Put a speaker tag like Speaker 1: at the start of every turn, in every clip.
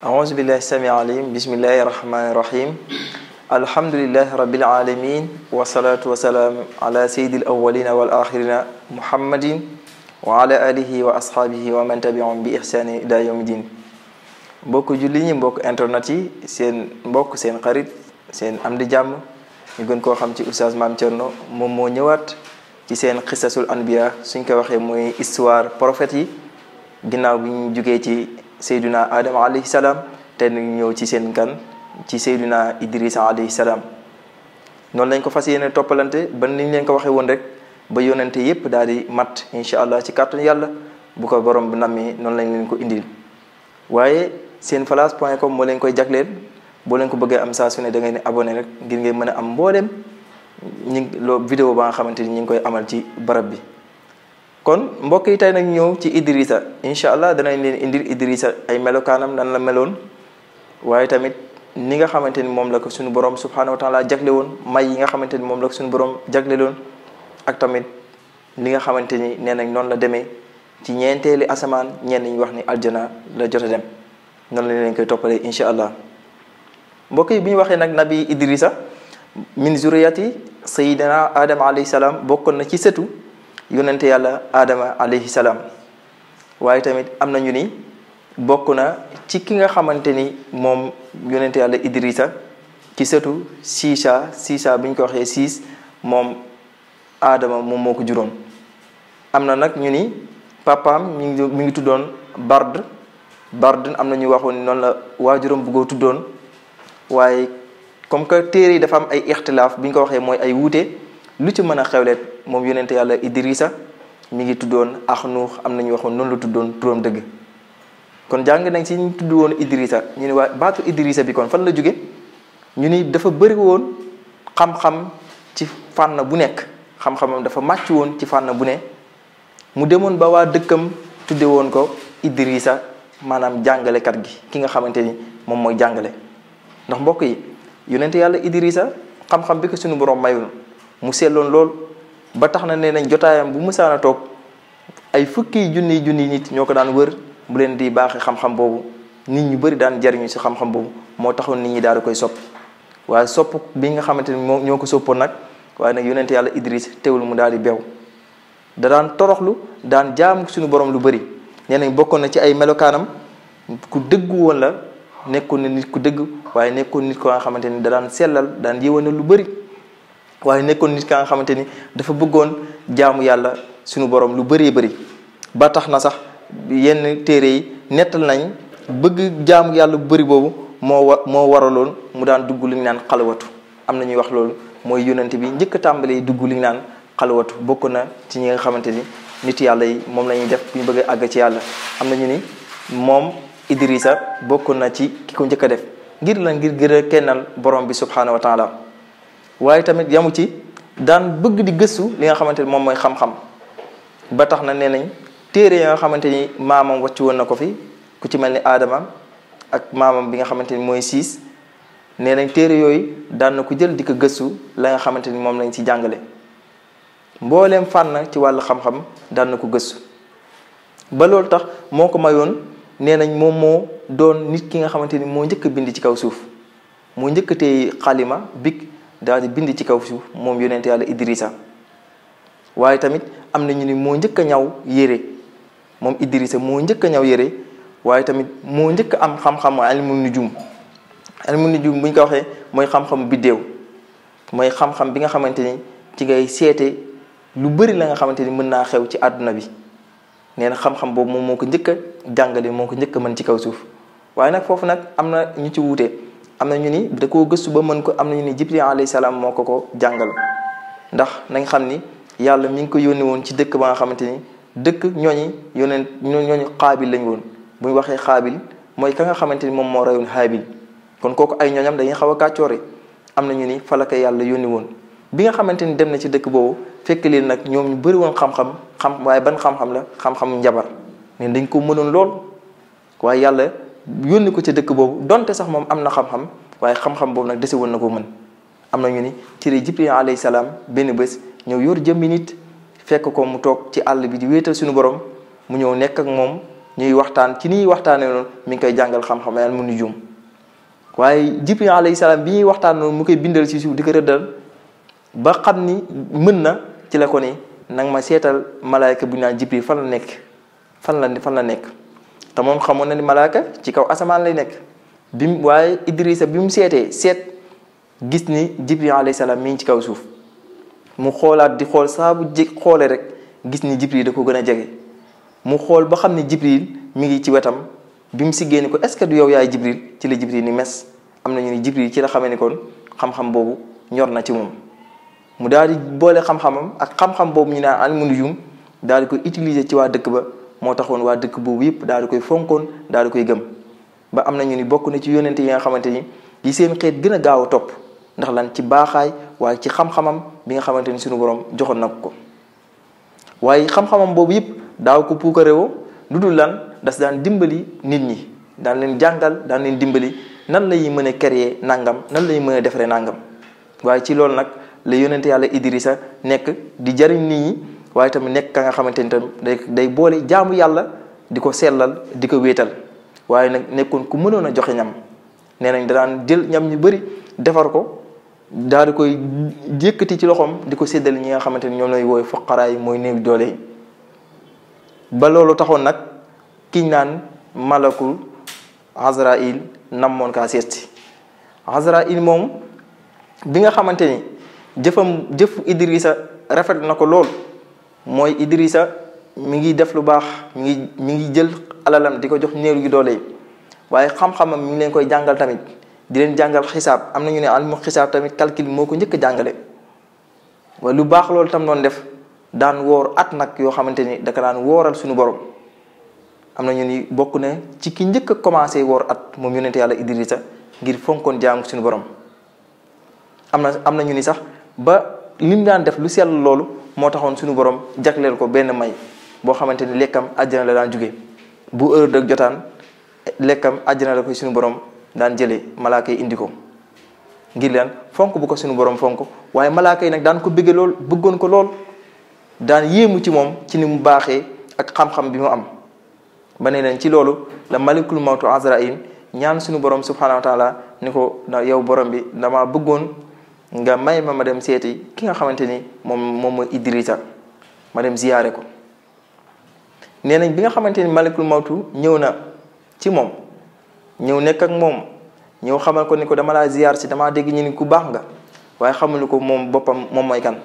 Speaker 1: a بالله السميع العليم بسم الله الرحمن الرحيم الحمد لله رب العالمين والصلاة والسلام على سيد الأولين والآخرين محمد mbokk julli yi seen mbokk seen xarit seen am di jàmm ñu gën ko xam ci oustaz Mame Thierno moom moo ñëwaat ci seen xisasul anbiya suñ ko waxee mooy histoire prophète yi ginnaaw bi ñu jugee ci Seydina Adama alayhi salaam te nag ñëw ci seen kan ci Seydina Idrissa alayhi salaam noonu lañ ko fas yéene toppalante ba niñ leen ko waxee woon rek ba yonente yépp daal di mat incha allah ci kàttan yàlla bu ko borom bi nammee noonu lañ leen ko indil waaye seen flash point comme moo leen koy jagleel boo leen ko bëggee am saa su ne da ngay ne abone rek ngir ngay mën a am mboolem ñu loo vidéo ba nga xamante ni ñu ngi koy amal ci barab bi kon mbokk yi tey nag ñëw ci Idrissa incha allah danañ leen indil Idrissa ay melokaanam nan la meloon waaye tamit ni nga xamante ni moom la ko suñu borom subhanahu wa taala jagle woon may yi nga xamante ni moom la suñu borom jagle loon ak tamit ni nga xamante ni nee nañ noonu la demee ci ñeenteeli asamaan ñenn ñi wax ni aljana la jot a dem noonu la leen koy toppalee incha allah mbokki bi ñu waxee nag nabi Idrissa min zuriyati sayidina adam aley salaam bokkoon na ci setu yonente yàlla aadama alayhi salaam waaye tamit am nañu ni bokk na ci ki nga xamante ni moom yonente yàlla idrisa ci sëtu siisa siisa bi ñu ko waxee siis moom adama moom moo ko juróom am na nag ñu ni papaam mi ngi mi ngi tuddoon bard bard am na ñu waxoon noonu la waa waajuram bëggoo tuddoon waaye comme que téere yi dafa am ay ixtilaaf bi ñu ko waxee mooy ay wute lu ci mën a xewleet moom yonente yàlla idrisa mi ngi tuddoon ax nuux am nañu waxoon noonu la tuddoon turam dëgg kon jàng nañ si ñu tudd woon idrisa ñu ne baatu idrisa bi kon fan la jóge ñu ni dafa bëri woon xam-xam ci fànn bu nekk xam-xamam dafa màcc woon ci fànn bu ne mu demoon ba waa dëkkam tudde woon ko idrisa maanaam jàngalekat gi ki nga xamante ni moom mooy jàngale ndax mbokk yi yonente yàlla idrisa xam-xam bi ko sunu borom mayul mu seetloon lool ba tax na nee nañ jotaayam bu mësaan a toog ay fukki junniy junniy nit ñoo ko daan wër mu leen di baaxee xam-xam boobu nit ñu bëri daan jariñu si xam-xam boobu moo taxoon nit ñi daal di koy sopp waaye sopp bi nga xamante ni moom ñoo ko soppoon nag waaye nag yonent yàlla Idris teewul mu daal di beew da daan toroxlu daan jaam suñu borom lu bëri nee bokkoon na ci ay melokaanam ku dëggu woon la nekkoon na nit ku dëgg waaye nekkoon nit ko nga xamante ni da daan sellal daan yéwane lu bari waaye nekkoon nit ka nga xamante ni dafa bëggoon jaamu yàlla suñu boroom lu bëree bëri ba tax na sax yenn téere yi nettal nañ bëgg jaamu yàlla bu bëri boobu moo wa moo waraloon mu daan dugg li ñu naan xalawatu am na ñuy wax loolu mooy yonent bi njëkk tàmbalee dugg li naan xalawatu bokk na ci ñi nga xamante ni nit yàlla yi moom la ñuy def bu ñu bëgg àgg ci yàlla am na ñu ni moom idirisa bokk na ci ki ko njëkk def ngir la ngir gën a kennal borom bi subhanahu wa waaye tamit yamu ci daan bëgg di gëstu li nga xamante ni moom mooy xam-xam ba tax na nee nañ téere yi nga xamante ni maamam wàcc woon na ko fi ku ci mel ni aadama ak maamam bi nga xamante ni mooy siis nee nañ téere yooyu daan na ko jël di ko gëstu la nga xamante ni moom lañ ci jàngale mboolem fànn ci wàll xam-xam daan na ko gëstu ba loolu tax moo ko mayoon nee nañ moom moo doon nit ki nga xamante ni moo njëkk a bind ci kaw suuf moo njëkk xalima big daal di bind ci kaw suuf moom yonent yàlla Idrissa waaye tamit am na ñu ni moo njëkk a ñaw yére moom Idrissa moo njëkk a ñaw yére waaye tamit moo njëkk a am xam-xam alimu nujum alimu nujum bu ñu ko waxee mooy xam biddéew mooy xam bi nga xamante ni ci ngay seete lu bëri la nga xamante ni mën naa xew ci àdduna bi neen na xam-xam boobu moom moo ko njëkk a jàngale moo ko njëkk mën ci kaw suuf waaye nag foofu nag am na ñu ci wuute. am na ñu ni da koo gëstu ba mën ko am na ñu ni Jibril alayhi salaam moo ko ko jàngal ndax nañ xam ni yàlla mi ngi ko yónni woon ci dëkk ba nga xamante ni dëkk ñooñi yóneen ñooñu xaabil lañ woon bu ñu waxee xaabil mooy ka nga xamante ni moom moo reyoon haabil kon kooku ay ñooñam dañuy xaw a kàccoore am na ñu ni fa yàlla yónni woon bi nga xamante ni dem na ci dëkk boobu fekk leen nag ñoom ñu bëri woon xam-xam xam waaye ban xam-xam la xam-xam njabar ne dañ ko mënoon lool yónni ko ci dëkk boobu donte sax moom am na xam-xam waaye xam-xam boobu nag dese woon na ko mën am na ñu ni ci la Jibril salaam benn bés ñëw yor jëmmi nit fekk ko mu toog ci àll bi di wéetal suñu borom mu ñëw nekk ak moom ñuy waxtaan ci ni waxtaanee noonu mi ngi koy jàngal xam-xam yàlla mu ngi juum waaye Jibril alayhi salaam bi ñuy waxtaan noonu mu koy bindal ci suuf di ko rëddal ba xam ni mën na ci la ko ni nag ma seetal malaayka bu ñu naan Jibril fan la nekk fan la fan la nekk. te xamoon na ni malaaka ci kaw asamaan lay nekk bi mu waaye Idrissa bi mu seetee seet gis ni Jibril alayhi salaam mi ngi ci kaw suuf mu xoolaat di xool saa bu jé xoole rek gis ni Jibril da ko gën a jege mu xool ba xam ne Jibril mu ngi ci wetam bi mu siggee ni ko est-ce que du yow yaay Jibril ci la Jibril ni mes am na ñu ni Jibril ci la xamee ni kon xam-xam boobu ñor na ci moom mu daal di boole xam-xamam ak xam-xam boobu ñu naan al mu nujum daal di ko utiliser ci dëkk ba moo tax woon waa dëkk boobu yëpp daal koy fonkoon daal di koy gëm ba am nañu ni bokk na ci yonent yi nga xamante ni yi seen xeet gën a gaaw a topp ndax lan ci baaxaay waaye ci xam-xamam bi nga xamante ni suñu borom joxoon na ko waaye xam boobu yëpp daaw ko puukareewoo lu dul lan das daan dimbali nit ñi daan leen jàngal daan leen dimbali nan la ñuy mën a créer nangam nan la ñuy mën a defaree nangam waaye ci loolu nag la yonent yàlla Idrissa nekk di jariñ nit ñi. waaye tamit nekk ka nga xamante ni tam day day boole jaamu yàlla di ko sellal di ko wéetal waaye nag nekkoon ku mënoon a joxe ñam nee nañ danaan jël ñam ñu bari defar ko daal koy yëkkati ci loxoom di ko séddale ñi nga xamante ni ñoom lay wooy foqaraay mooy néew doole yi ba loolu taxoon nag kiñ naan malakul Azraïl namoon kaa seetsi Azraïl moom bi nga xamante ni jëfam jëfu Idrissa rafet na ko lool mooy Idrissa mu ngi def lu baax mu ngi mi ngi jël alalam di ko jox néew yu doole yi waaye xam-xamam mi ngi leen koy jàngal tamit di leen jàngal xisaab am na ñu ne almu xisaab tamit calcul moo ko njëkk jàngale. waaye lu baax loolu tam doon def daan woor at nag yoo xamante ni daka daan wooral suñu borom am na ñu ni bokk na ci ki njëkk commencé woor at moom yonente yàlla Idrissa ngir fonkoon jaamu suñu borom sax lim daan def lu sell loolu moo taxoon suñu borom jagleel ko benn may boo xamante ni lekkam àjjana la daan jugee bu heure jotaan lekkam àjjana la koy suñu borom daan jëlee malaaka yi indi ko ngir leen fonk bu ko suñu borom fonk waaye malaaka yi nag daan ko bëggee lool bëggoon ko lool daan yéemu ci moom ci ni mu baaxee ak xam-xam bi mu am ba ne leen ci loolu la malikul mawtu azraïl ñaan suñu borom subhanahu wa ni ko yow borom bi dama bëggoon nga may ma ma dem seeti ki nga xamante ni moom moom mooy Idrissa ma dem ziyaare ko nee nañ bi nga xamante ni Malikul Mawtu ñëw na ci moom ñëw nekk ak moom ñëw xamal ko ni ko dama laa ziyaar si damaa dégg ñu ni ku baax nga waaye xamuñu ko moom boppam moom mooy kan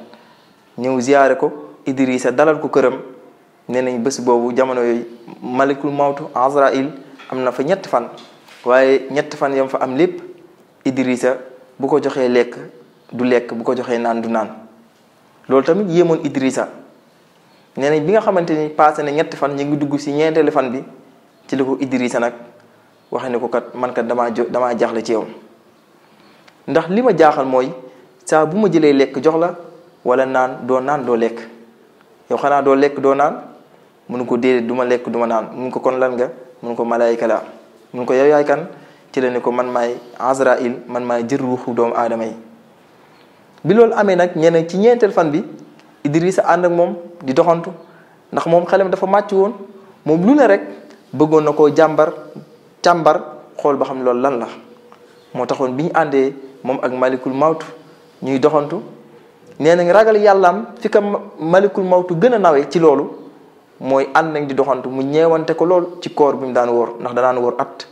Speaker 1: ñëw ziyaare ko Idrissa dalal ko këram nee nañ bés boobu jamono yooyu Malikul Mawtu Azrail am na fa ñett fan waaye ñett fan yam fa am lépp Idrissa bu ko joxee lekk du lek bu ko joxe nan du nan loolu tamit yemon Idrissa nee bi nga xamanteni passé na ñett fan ñi ngi dugg si fan bi ci Idrissa nak waxe ne ko kat man kat dama dama damaa ci yow ndax lima jaxal moy sa bu ma jox la wala nan do nan do lek yow xanaa lek lekk nan naan mun ko déedéet duma lek duma nan ma ko kon lan nga ko malaika la ko yow yaay kan ci la ne ko man may azrail man may jër ruuxu doomu bi loolu amee nag ñeneen ci ñeenteel fan bi Idrissa ànd ak moom di doxantu ndax moom xelem dafa màcc woon moom lu ne rek bëggoon na koo jàmbar càmbar xool ba xam loolu lan la moo taxoon bi ñu àndee moom ak malikul mawtu ñuy doxantu nee nañ ragal yàllaam fi ka malikul mawtu gën a nawe ci loolu mooy ànd nañ di doxantu mu ñeewante ko lool ci koor bi mu daan wóor ndax danaan wóor at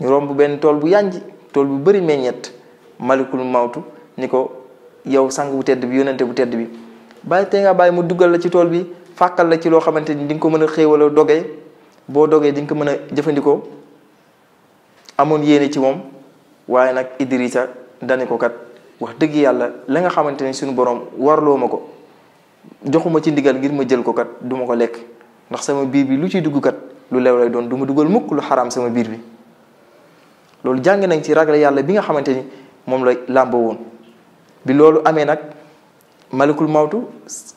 Speaker 1: ñu romb benn tool bu yànji tool bu bëri meññeet malikul mawtu ni ko yow sang bu tedd bi yónnante bu tedd bi bàyyi tey ngaa bàyyi mu dugal la ci tool bi fàkkal la ci loo xamante ni di nga ko mën a xéewaloo doge boo dogee di nga ko mën a jëfandikoo amoon yéene ci moom waaye nag Idrissa dani ko kat wax dëgg yàlla la nga xamante ni suñu borom warloo ma ko joxuma ci ndigal ngir ma jël ko kat du ma ko lekk ndax sama biir bi lu ciy dugg kat lu lew lay doon du ma dugal mukk lu xaraam sama biir bi loolu jàng nañ ci ragal yàlla bi nga xamante ni moom la làmboo woon bi loolu amee nag malikul mawtu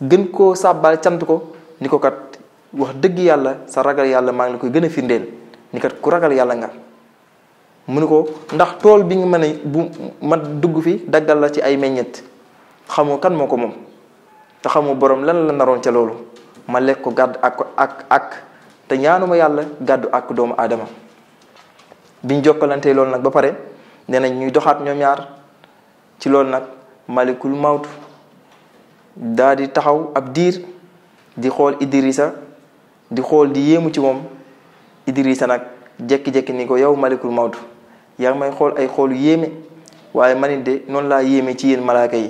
Speaker 1: gën koo sàbbaale cant ko ni ko kat wax dëgg yàlla sa ragal yàlla maa ngi la koy gën a firndeel ni kat ku ragal yàlla nga mu ni ko ndax tool bi nga mën a bu ma dugg fi daggal la ci ay meññet xamoo kan moo ko moom te xamoo borom lan la naroon ca loolu ma lekk ko gàdd ak ak ak te ñaanuma yàlla gàddu ak doomu aadama biñ jokkalantee loolu nag ba pare nee nañ ñuy doxaat ñoom ñaar ci loolu nag malikul mawt daa taxaw ab diir di xool Idrissa di xool di yéemu ci moom Idrissa nag jekki-jekki ni ko yow malikul mawt yaa may xool ay xoolu yéeme waaye manit de noonu laa yéeme ci yéen malaaka yi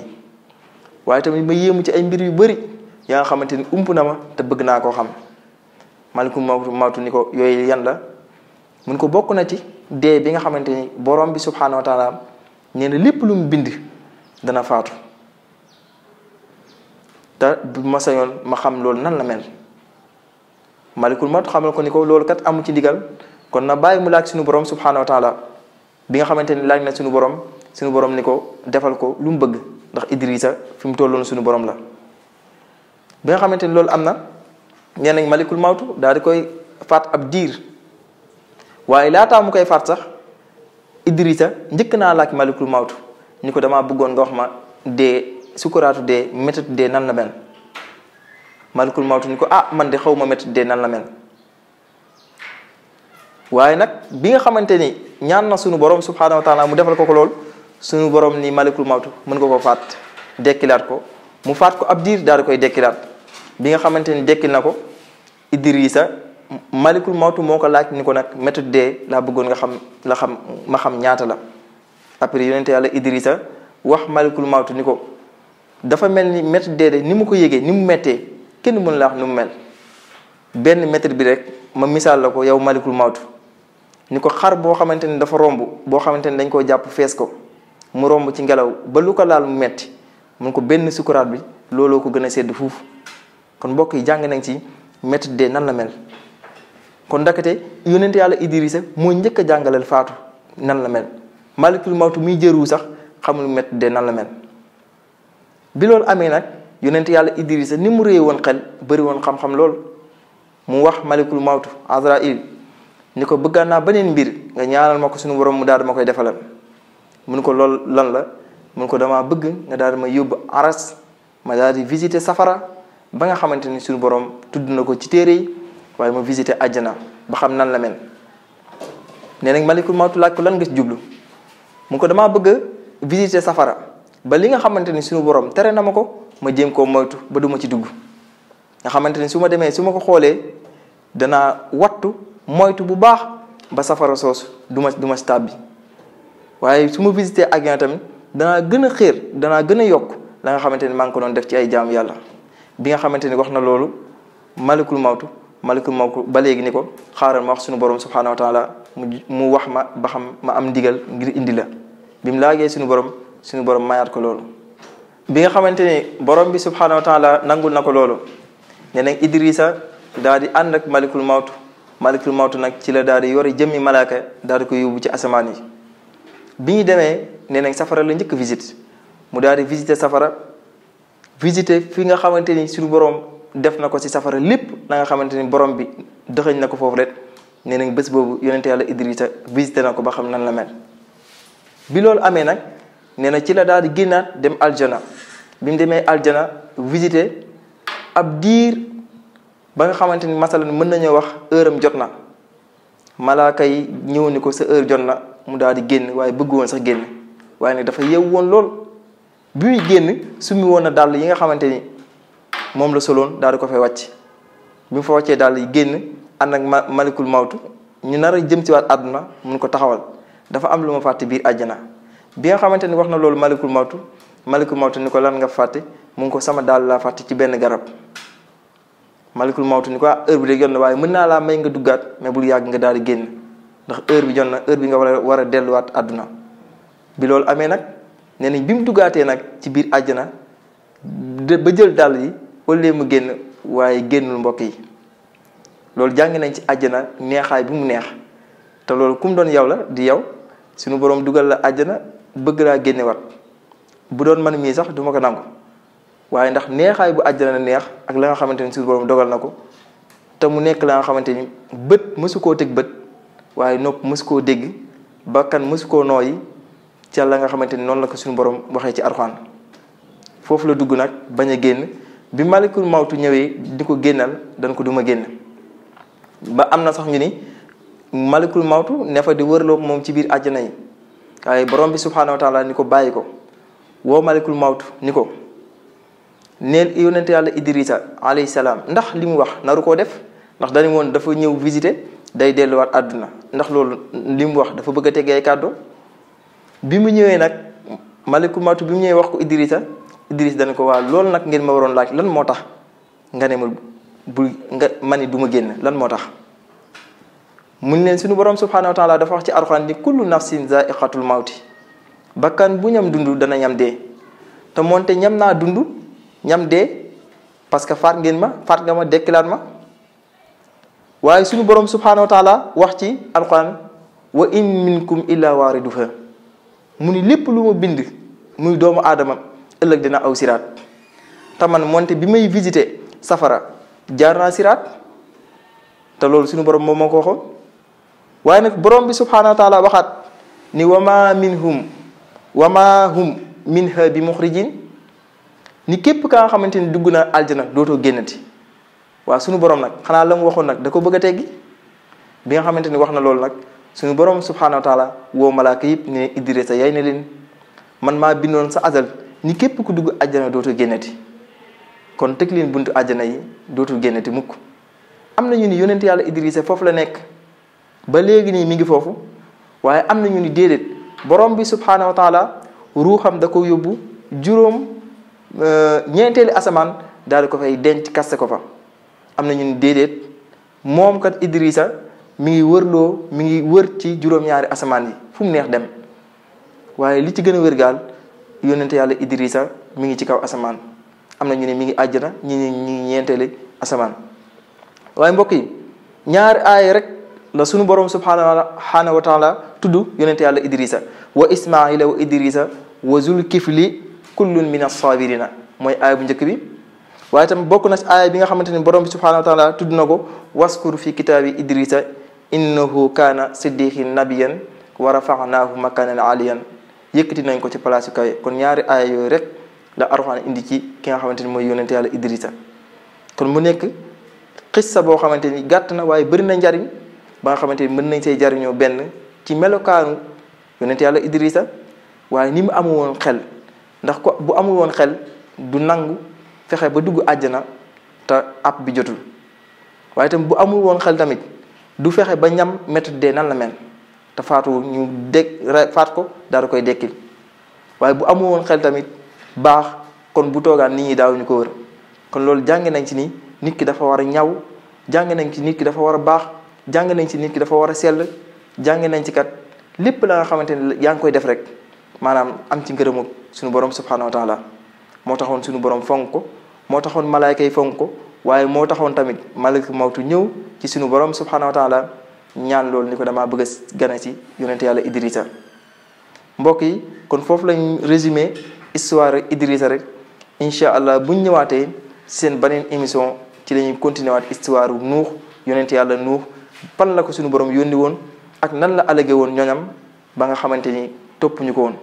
Speaker 1: waaye tamit ma yéemu ci ay mbir yu bari yaa nga xamante ni ump na ma te bëgg naa koo xam malikul mawtu mawtu ni ko yooyu yan la mun ko bokk na ci dee bi nga xamante ni boroom bi subhanahu wa taala nee na lépp lu mu bind dana faatu te bu ma sañoon ma xam loolu nan la mel malikul mat xamal ko ni ko loolu kat amu ci ndigal kon na bàyyi mu laaj suñu borom subhanahu wa bi nga xamante ni laaj na suñu borom suñu borom ni ko defal ko lu mu bëgg ndax Idrissa fi mu tolloon suñu borom la bi nga xamante ni loolu am na nee nañ malikul mawtu daal di koy faat ab diir waaye laataa mu koy faat sax Idrissa njëkk naa laaj malikul mawtu ni ko damaa bëggoon nga wax ma dee sukuraatu dee métat dee nan la mel malikul mawtu ni ko ah man de xaw ma métat dee nan la mel waaye nag bi nga xamante ni ñaan na sunu borom subhanahu wa mu defal ko ko lool sunu borom ni malekul mawtu mën nga ko faat dekkilaat ko mu faat ko ab diir daal di koy dekkilaat bi nga xamante ni dekkil na ko Idrissa malikul mawtu moo ko laaj ni ko nag métat dee laa bëggoon nga xam la xam ma xam ñaata la après yonente yàlla Idrissa wax malikul mawtu ni ko dafa mel ni maître deede ni mu ko yëgee ni mu mettee kenn mën la wax ni mu mel benn maître bi rek ma misaal la ko yow malikul mawtu ni ko xar boo xamante ni dafa romb boo xamante ni dañ koo jàpp fees ko mu romb ci ngelaw ba lu ko laal mu metti mun ko benn sukuraat bi looloo ko gën a sedd fuuf kon mbokk yi jàng nañ ci maître de nan la mel kon ndakate yonente yàlla Idrissa mooy njëkk a jàngaleel faatu nan la malikul mautu mi jëru sax xamul met de na la mel bi lol amé nak yonent yalla idrisa ni mu réy xel bari won xam-xam lol mu wax malikul mautu azrail niko ko bëggaan bir, mbir nga ñaanal mako suñu borom mu daal makoy koy defalal mun ko lool lan la mu ko dama bëgg nga daal ma yub aras ma daal visiter safara ba nga xamanteni suñu borom tudd na ci téré yi waaye ma visiter aljana ba xam nan la mel malikul mautu lak lan nga jublu mu ko damaa bëgg a safara ba li nga xamante ni suñu borom tere na ma ko ma jéem koo moytu ba duma ci dugg nga xamante ni su ma demee su ma ko xoolee danaa wattu moytu bu baax ba safara soosu du ma du ma waaye su ma visiter avion tamit danaa gën a xéer danaa gën a yokk la nga xamante ni maa ngi ko doon def ci ay jaamu yàlla bi nga xamante ni wax na loolu malekul mawtu malikul mawt ba léegi ni ko xaaral ma wax suñu borom subhanahu wa mu mu wax ma ba xam ma am ndigal ngir indi la bi mu laajee suñu borom suñu borom mayaat ko loolu bi nga xamante ni borom bi subhanahu wa taala nangul na ko loolu ne nag Idrissa daal di ànd ak malikul mawtu malikul mawtu nag ci la daal di yore jëmmi malaaka daal di ko yóbbu ci asamaan yi bi ñu demee ne nag safara la njëkk visit mu daal di visiter safara visiter fi nga xamante ni suñu borom def na ko ci safara lépp la nga xamante ni borom bi dëxëñ na ko foofu rek nee nañ bés boobu yonente yàlla Idrissa visité na ko ba xam na la mel bi loolu amee nag nee na ci la daal di génnaat dem aljana bi mu demee aljana visité ab diir ba nga xamante ni masalan mën nañoo wax heure am jot na malaaka yi ñëw ko sa heure jot na mu daal di génn waaye bëgg woon sax génn waaye nag dafa yew woon lool bi muy génn summi na dàll yi nga xamante ni moom la soloon daal di ko fay wàcc bi mu fa wàccee daal di génn ànd ak ma malikul mawtu ñu nar a jëm ci waat àdduna mun ko taxawal dafa am lu ma fàtte biir àjjana bi nga xamante ni wax na loolu malikul mawtu malikul mawtu ni ko lan nga fàtte mu ko sama daal laa fàtte ci benn garab malikul mawtu ni ko ah heure bi de jot na waaye mën naa laa may nga duggaat mais bul yàgg nga daal di génn ndax heure bi jot na heure bi nga war a war a delluwaat àdduna bi loolu amee nag nee nañ bi mu duggaatee nag ci biir àjjana ba jël dàll yi wala mu génn waaye génnul mbokk yi loolu jàng nañ ci àjjana neexaay bi mu neex te loolu kum doon yow la di yow suñu boroom dugal la àjjana bëgg laa génne bu doon man mii sax duma ko nangu waaye ndax neexaay bu àjjana neex ak la nga xamante ni suñu boroom dogal na ko te mu nekk la nga xamante ni bët mësu koo teg bët waaye nopp mësu koo dégg bakkan mësu koo nooyi ca la nga xamante ni noonu la ko suñu boroom waxee ci Alxuraan foofu la dugg nag bañ a génn bi malekul mawtu ñëwee di ko génnal dañ ko duma génn ba am na sax ñu ni malikul mawtu ne fa di wërloo moom ci biir àjjana yi waaye borom bi subhaanahu wa ni ko bàyyi ko woo malekul mawtu ni ko neel yonent yàlla idirisa alayhi salaam ndax li mu wax naru koo def ndax dañu woon dafa ñëw visite day delluwaat àdduna ndax loolu li mu wax dafa bëgg a tegee kàddu bi mu ñëwee nag malikul mawtu bi mu ñëwee wax ko idirisa Idris dan ko waa nak nag ngeen ma waroon laaj lan moo ngan nga ne ngat bu nga ma duma du lan moo mun nen suñu borom subhanahu wa taala dafa wax ci alquran ni kullu nafsin zaiqatul maut bakkan bu ñam dundu dana ñam de te moonte ñam na dundu ñam de parce que faat ngeen ma faat nga ma dekkilaat ma waaye suñu borom subhanahu wa taala wax ci alquran wa in minkum illa waridha mu lepp lépp lu bind muy doomu adamam ëllëg dina aw siraat te man moonte bi may visité safara jaar naa siraat te loolu suñu borom moom moo ko waxoon waaye nag boroom bi subhaanahu wa taala waxaat ni wama minhum wama ni képp ka nga xamante ni dugg na aljana dootoo génnati waaw borom nag xanaa la mu waxoon nag da ko bëgg a teggi bi nga xamante ni wax na loolu nag suñu borom subhaanahu wa taala woo malaaka yëpp ne sa yaay ne leen man maa bindoon sa azal ni képp ku dugg àjjana dootul génnati kon tëj leen buntu àjjana yi dootul génnati mukk am na ñu ni yonent yàlla Idrissa foofu la nekk ba léegi nii mi ngi foofu waaye am na ñu ni déedéet boroom bi subhaanahu wa taala ruuxam da ko yóbbu juróom euh, ñeenteeli asamaan daal ko fay denc kaste ko fa am na ñu ni déedéet moom kat Idrissa mi ngi wërloo mi ngi wër ci juróom-ñaari asamaan yi fu mu neex dem waaye li ci gën a wér gaal yónnente yàlla Idrissa mi ngi ci kaw asamaan am na ñu ne mi ngi àjjana ñi ñu ngi ñeenteeli asamaan waaye mbokk yi ñaari aaya rek la sunu borom subhaanahu wa taala tudd yónnente yàlla Idrissa wa Ismaila wa Idrissa wa zul kifli kullun min as mooy aaya bu njëkk bi waaye tam bokk na si bi nga xamante ne borom bi subhaanahu wa taala tudd na ko waskur fi kitaabi Idrissa innahu kaana siddiqin nabiyan wa rafaanaahu makanan aliyan yëkkati nañ ko ci place yu kawe kon ñaari aaya yooyu rek la Alxuraan indi ci ki nga xamante ni mooy yonente yàlla Idrissa kon mu nekk xissa boo xamante ni gàtt na waaye bari na njariñ ba nga xamante ni mën nañ say jariñoo benn ci melokaanu yonente yàlla Idrissa waaye ni mu amul woon xel ndax ko bu amul woon xel du nangu fexe ba dugg àjjana te app bi jotul waaye tam bu amul woon xel tamit du fexe ba ñam méthode de nan la mel te nyu ñu dég faat ko daal koy dekkil waaye bu amu xel tamit baax kon bu toogaan nit ñi daawuñu ko wër kon loolu jàng nañ ci ni nit ki dafa war a ñaw jàng nañ ci nit ki dafa war a baax jàng nañ ci nit ki dafa war a sell nañ ci kat lépp la nga xamante ne yaa ngi koy def rek maanaam am ci ngërëmu suñu borom subhanahu wa taala moo taxoon suñu borom fonk ko moo taxoon malaayka yi fonk ko waaye moo taxoon tamit malaika mawtu ñëw ci suñu borom subhanahu wa taala ñaan loolu ni ko damaa bëgg a gane ci yonent yàlla Idrissa mbokk yi kon foofu lañ résumé histoire Idrissa rek incha allah buñ ñëwaatee seen beneen émission ci lañuy ñuy continué waat histoire nuux yonent yàlla nuux pan la ko suñu borom yónni woon ak nan la allégué woon ñoñam ba nga xamante ni topp ñu ko woon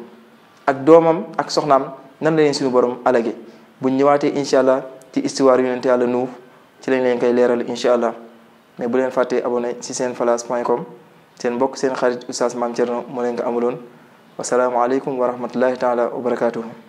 Speaker 1: ak doomam ak soxnaam nan la leen suñu borom allégué buñ ñëwaatee incha allah ci histoire yonent yàlla nuux ci lañ leen koy leeral incha allah. mais bu len faté abonné ci sen falaas sen bok sen mbokk seen xarit oustaz Mame Thierno moo leen ko amuloon alaykum wa rahmatullahi taala wa barakatuh